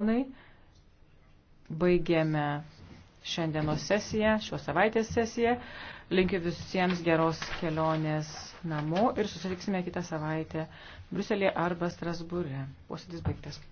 ponai, baigėme šiandienos sesiją, šios savaitės sesiją. Linkiu visiems geros kelionės namo ir susitiksime kitą savaitę Bruselėje arba Strasbūre. Posėdis baigtas.